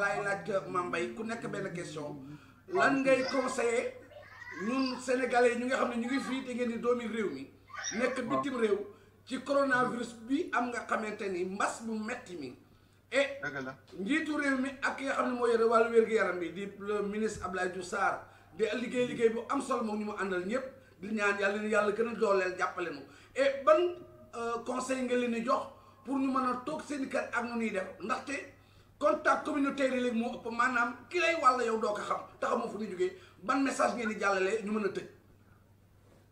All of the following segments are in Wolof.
laay laaj euh, Mame Mbaye ku nekk benn question lan ngay conseiller ñun sénégalais ñu nga xam ne ñu ngi fii te ngeen di doomi réew mi nekk bitim réew ci coronavirus bi am nga xamante ni mbas bu metti mi et njiitu réew mi ak ki nga xam ne moo yore wàllu wér-gu-yaram bi di le ab Abdoulaye Diouf Sarr de liggéey liggéey bu am solo moom ñu mu àndal ñëpp di ñaan yàlla yàlla gën a dooleel jàppale nu et ban euh, conseil nga leen di jox pour ñu mën a toog seen kër ak nu ñuy contact communauté relève mo upp manam ki lay wala yow doko xam taxamo fu ni jogé ban message ngeen di jallalé ñu mëna tej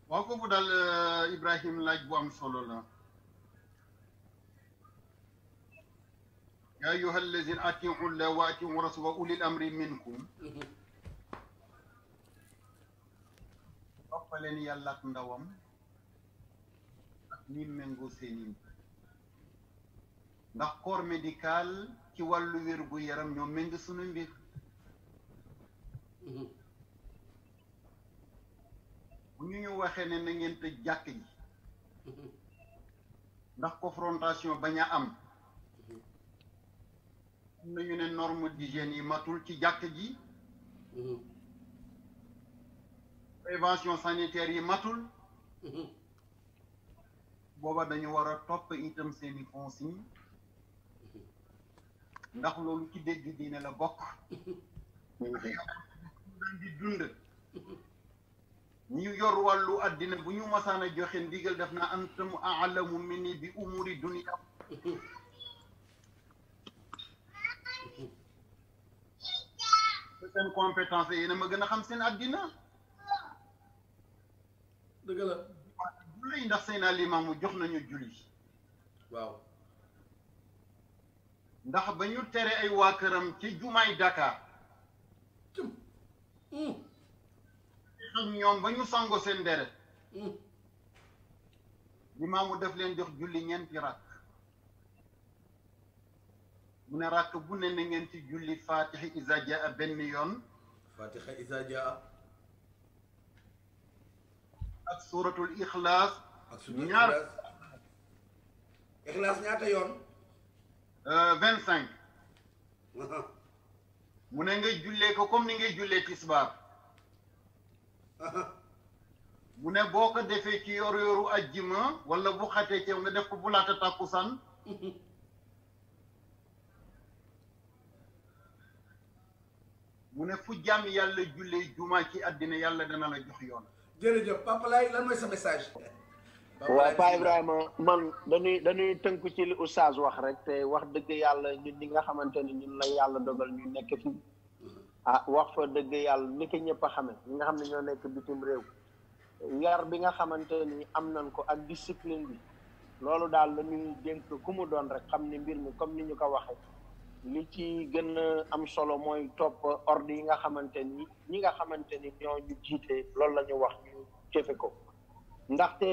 wa ko ko dal euh, ibrahim laaj bu am solo la ya ayyuhal ladzina atiu llaha wa atiu rasulahu uli al-amri minkum Fale mhm. ni yalla ak ndawam ak ni mengo seni ndax corps médical ci walu wér gu yaram ñoo méng suñu mbir mhm. bu ñu ñu waxee ne na ngeen tëj jàkk ji mhm. ndax confrontation bañ a am mhm. nañu ne norme d'hygiène yi matul ci jàkk ji prévention sanitaire yi matul booba dañu war a topp itam seeni consigne ndax loolu ci dégg diine la bokk ndax di dund ñu yor wàllu àddina bu ñu masaan a joxe ndigal def na antum aalamu minni bi umuri dunia seen compétence yéena ma gën a xam seen àddina dëgg la julli ndax seen alimaamu jox nañu julli waaw ndax ba ñu tere ay waa këram ci jumaay Dakar xam mm. ñoom ba ñu sangoo seen dere deret mm. limaamu def leen jox julli ñeenti rakk mu ne rakk bu ne na ngeen ci julli fatiha isa jaa benn yoon fatiha isa jaa ak suratul ixlaas ak ñaar ixlaas ñaata yoon Euh, vingt cinq mu ne nga jullee ko comme ni ngay jullee tisbaar mu ne boo ko defee ci yor yoru ajjima wala bu xatee ceew nga def ko bu laata tàkkusaan mu ne fu jàmm yàlla jullee jumaa ci àddina yàlla dana la jox yoon jërëjëf Papa Laye lan mooy sa message waaw Paa Ibrahima man dañuy dañuy tënk ci li oustaz wax rek te wax dëgg yàlla ñun ñi nga xamante ni ñun la yàlla dogal ñu nekk fi mm-hmm. ah wax fa dëgg yàlla ni ki ñëpp a xame ni nga xam ne ñoo nekk bitim réew yar bi nga xamante ni am nañ ko ak discipline bi loolu daal la dénk ku mu doon rek xam ne mbir mi comme ni ñu ko waxee li ci gën am solo mooy topp ordre yi nga xamante ni ñi nga xamante ni ñoo ñu jiite loolu la ñu wax ñu jëfe ko ndaxte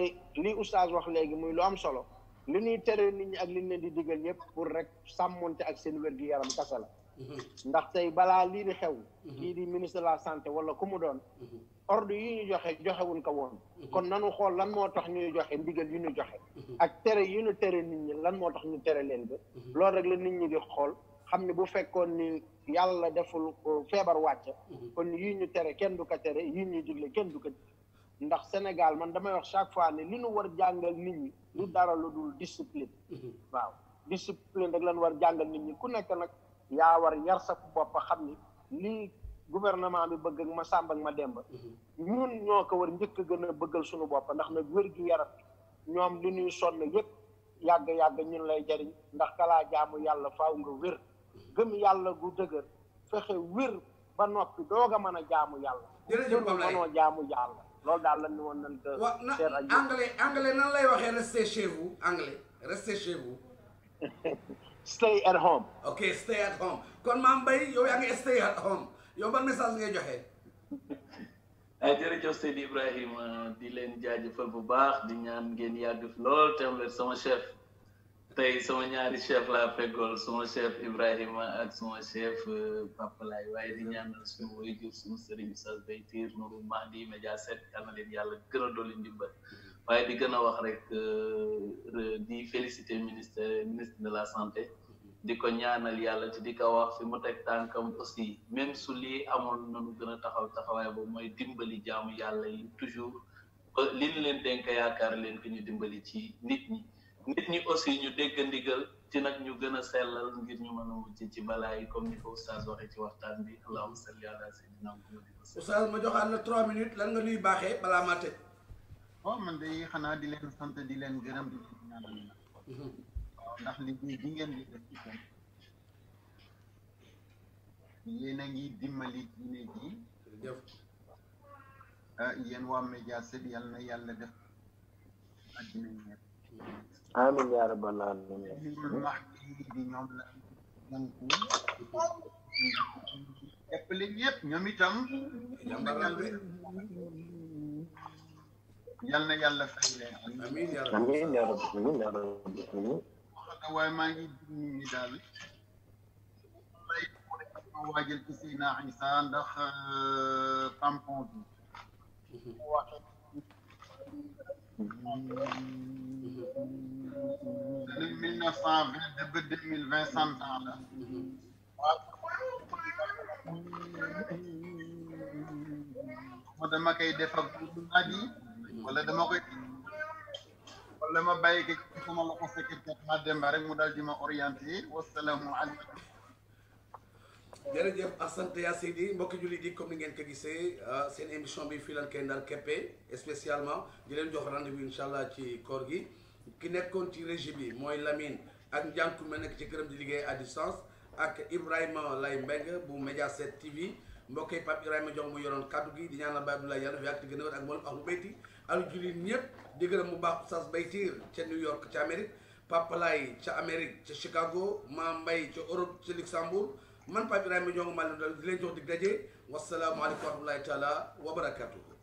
li oustaz wax léegi muy lu am solo li ñuy tere nit ñi ak li ñu leen di digal yëpp pour rek sàmmonte ak seen wér-gu-yaram kasa la mhm. tey balaa lii di xew kii mhm. di ministre de la santé wala ku mu doon mhm. ordu yi ñu joxe joxewuñ ko woon kon nanu xool lan moo tax ñuy joxe ndigal yi ñu joxe ak tere yi ñu tere nit ñi lan moo tax ñu tere leen ba loolu rek la nit ñi di xool xam ne bu fekkoon ni yàlla deful feebar wàcc kon yii ñu tere kenn du ko tere yii digle kenn du ko ndax Sénégal man damay wax chaque fois ne li nu war jàngal nit ñi du dara lu dul discipline mhm. waaw discipline rek lañ war jàngal nit ñi ku nekk nag yaa war yar sa bopp xam ni lii gouvernement bi bëgg ma sàmb ma demba mhm. ñun ñoo ko war njëkk a gën a bëggal suñu bopp ndax nag wér gi yaram ñoom li ñuy sonn yëpp yàgg-yàgg ñun lay jariñ ndax kalaa jaamu yàlla faaw nga wér gëm yàlla gu dëgër fexe wér ba noppi doog a mën a jaamu yàlla mënoo jaamu yàlla loolu dal lañ won woon nañ ko. wa anglais anglais nan lay waxe restez chez vous anglais restez chez vous. stay at home. okay stay at home kon mam bay yow yaa ngi stay at home yow ban message ngay joxe. jërëjëf Seydi Ibrahima di len jaajëfal bu baax di ñaan ngeen yàgg lool tamit sama chef. tey sama ñaari chef laa feggool sama chef Ibrahima ak sama chef euh, Papa waaye di ñaanal suñu waajur suñu sëriñ Oustaz Baytir Nourou Mahdi Média set yal na yàlla gën a dolli ndimbal waaye di gën a wax rek euh, euh, di féliciter ministre ministre de la santé di ko ñaanal yàlla te di ko wax fi mu teg tànkam aussi même su lii amul nanu gën a taxaw taxawaay boobu mooy dimbali jaamu yàlla yi toujours li ñu leen dénk yaakaar leen fi ñu dimbali ci nit ñi nit ñi aussi ñu dégg ci nag ñu gën a sellal ngir ñu mën a mucc ci balaa yi comme ni ko oustaz waxee ci waxtaan bi allahumma salli ala sayyidina muhammad oustaz ma joxaat la trois minutes lan nga nuy baaxee balaa maa tëj waaw oh, man day xanaa di leen sant di leen gërëm di waaw ndax li bi ngeen di def ci seen yéen a ngi dimmali diine ji ah, yéen waa média set yal na yàlla def addina ñepp amiin yaa rabbal aalamiin li ñu wax bi ñoom la nangu ëpp li ñëpp ñoom itam yal na yàlla fay leen amiin yaa rabbal aalamiin waaye maa ngi nit ñi daal waajal ci Seydina Isa ndax tampon bi cent vingt ba deux mille vingt cent ans la dama koy def ak naaj yi wala dama koy wala ma bàyyi ko ci sama loxo secrétaire ma demba rek mu daal di ma orienté wasalaamu aleykum jërëjëf asante yaa Seydi mbokki jullit yi comme ni ngeen ko gisee ah, seen émission bi fii lan koy ndar keppe spécialement di leen jox rendez-vous incha allah ci koor gi ki nekkoon ci régime bi mooy lamine ak njànku ma nekk ci këram di liggéey à distance Ibrahim ibrahima lay mbeng bu média set tv mbokkey pap ibrahima jong mu yoroon kaddu gi di ñaanal baye abdoulaye yàlla fi ak gën a ak mbolof ak mbayti alu julin ñëpp di gërëm mu baax sas bay tiir ca new york ca amérique papa lay ca amérique ca chicago ma mbay ca europe ca luxembourg man pap ibrahima jong ma di leen jox dig daje wassalaamualeykum wa rahmatulahi taala wa barakatuhu